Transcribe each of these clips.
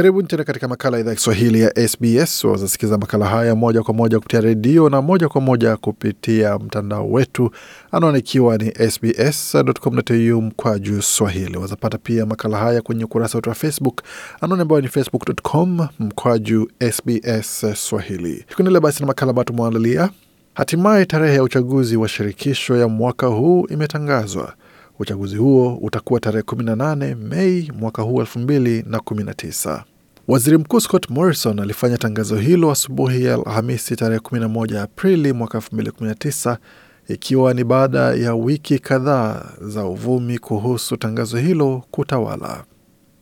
karibu tena katika makala ya idhaa ya Kiswahili ya SBS. Wazasikiza makala haya moja kwa moja kupitia redio na moja kwa moja kupitia mtandao wetu, anwani ikiwa ni sbs.com.au juu swahili. Wazapata pia makala haya kwenye ukurasa wetu wa Facebook, anwani ambayo ni facebook.com mkwaju sbs swahili. Tukiendelea basi na makala ambayo tumeandalia, hatimaye tarehe ya uchaguzi wa shirikisho ya mwaka huu imetangazwa. Uchaguzi huo utakuwa tarehe 18 Mei mwaka huu 2019. Waziri Mkuu Scott Morrison alifanya tangazo hilo asubuhi ya Alhamisi tarehe 11 Aprili mwaka 2019 ikiwa ni baada ya wiki kadhaa za uvumi kuhusu tangazo hilo kutawala.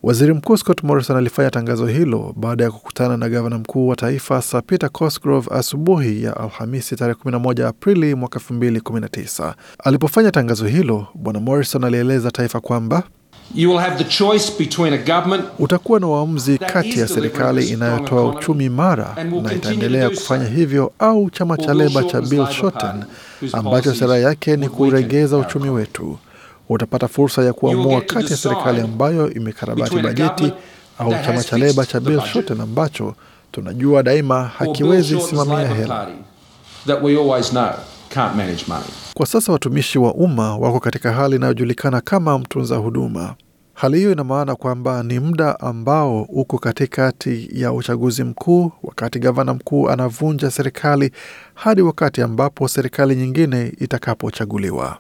Waziri Mkuu Scott Morrison alifanya tangazo hilo baada ya kukutana na gavana mkuu wa taifa Sir Peter Cosgrove asubuhi ya Alhamisi tarehe 11 Aprili mwaka 2019. Alipofanya tangazo hilo, Bwana Morrison alieleza taifa kwamba Utakuwa na uamuzi kati ya serikali inayotoa uchumi imara na itaendelea kufanya hivyo au chama cha leba cha Bill Shorten ambacho sera yake ni kuregeza uchumi wetu. Utapata fursa ya kuamua kati ya serikali ambayo imekarabati bajeti au chama cha leba cha Bill Shorten ambacho tunajua daima hakiwezi simamia hela can't manage money. Kwa sasa watumishi wa umma wako katika hali inayojulikana kama mtunza huduma. Hali hiyo ina maana kwamba ni muda ambao uko katikati ya uchaguzi mkuu, wakati gavana mkuu anavunja serikali hadi wakati ambapo serikali nyingine itakapochaguliwa.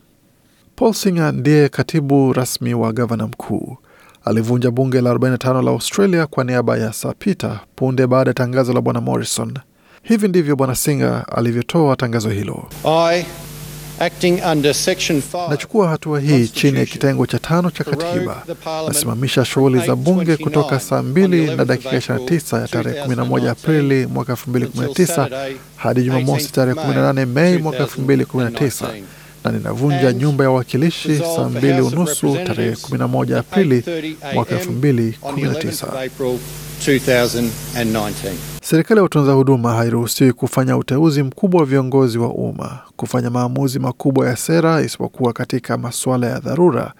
Paul Singer ndiye katibu rasmi wa gavana mkuu. Alivunja bunge la 45 la Australia kwa niaba ya Sir Peter punde baada ya tangazo la bwana Morrison. Hivi ndivyo Bwana Singer alivyotoa tangazo hilo. I, nachukua hatua hii chini ya kitengo cha tano cha katiba, nasimamisha shughuli za bunge kutoka saa 2 na dakika 29 ya tarehe 11 Aprili mwaka 2019 hadi Jumamosi tarehe 18 Mei mwaka 2019 na ninavunja nyumba ya wawakilishi saa 2 unusu tarehe 11 Aprili mwaka 2019. 2019. Serikali ya utunza huduma hairuhusiwi kufanya uteuzi mkubwa wa viongozi wa umma, kufanya maamuzi makubwa ya sera, isipokuwa katika masuala ya dharura,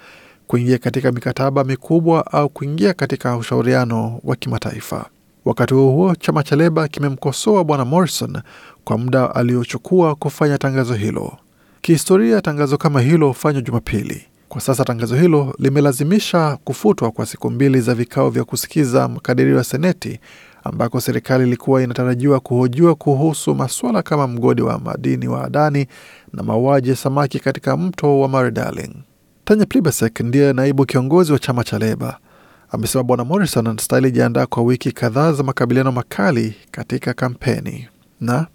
kuingia katika mikataba mikubwa au kuingia katika ushauriano wa kimataifa. Wakati huo huo, chama cha Leba kimemkosoa Bwana Morrison kwa muda aliochukua kufanya tangazo hilo. Kihistoria, tangazo kama hilo hufanywa Jumapili. Kwa sasa tangazo hilo limelazimisha kufutwa kwa siku mbili za vikao vya kusikiza makadirio ya Seneti ambako serikali ilikuwa inatarajiwa kuhojiwa kuhusu masuala kama mgodi wa madini wa Adani na mauaji ya samaki katika mto wa Mare Darling. Tanya Plibersek ndiye naibu kiongozi wa chama cha Leba amesema Bwana Morrison anastahili jiandaa kwa wiki kadhaa za makabiliano makali katika kampeni na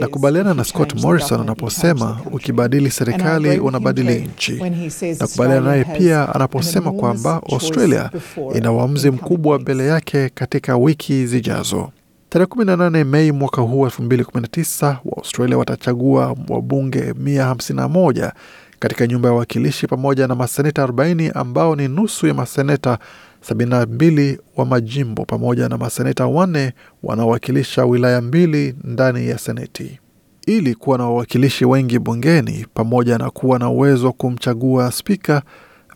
nakubaliana na Scott Morrison anaposema ukibadili serikali unabadili nchi. Nakubaliana naye pia anaposema kwamba Australia ina uamuzi mkubwa mbele yake katika wiki zijazo. Tarehe 18 Mei mwaka huu 2019 wa Australia watachagua wabunge 151 katika nyumba ya wawakilishi pamoja na maseneta 40 ambao ni nusu ya maseneta 72 wa majimbo pamoja na maseneta wanne wanaowakilisha wilaya mbili ndani ya seneti. Ili kuwa na wawakilishi wengi bungeni pamoja na kuwa na uwezo wa kumchagua spika,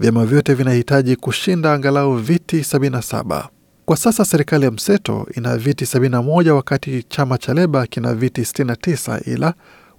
vyama vyote vinahitaji kushinda angalau viti 77. Kwa sasa serikali ya mseto ina viti 71 wakati chama cha Leba kina viti 69 ila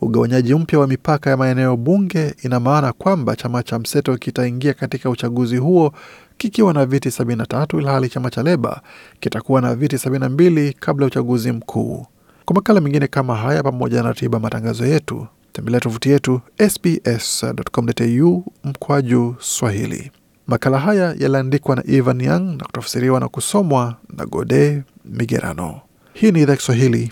Ugawanyaji mpya wa mipaka ya maeneo bunge ina maana kwamba chama cha mseto kitaingia katika uchaguzi huo kikiwa na viti 73 ilhali chama cha Leba kitakuwa na viti 72 kabla ya uchaguzi mkuu. Kwa makala mengine kama haya pamoja na ratiba matangazo yetu, tembelea tovuti yetu sbs.com.au mkwaju Swahili. Makala haya yaliandikwa na Evan Young na kutafsiriwa na kusomwa na Gode Migerano. Hii ni idhaa Kiswahili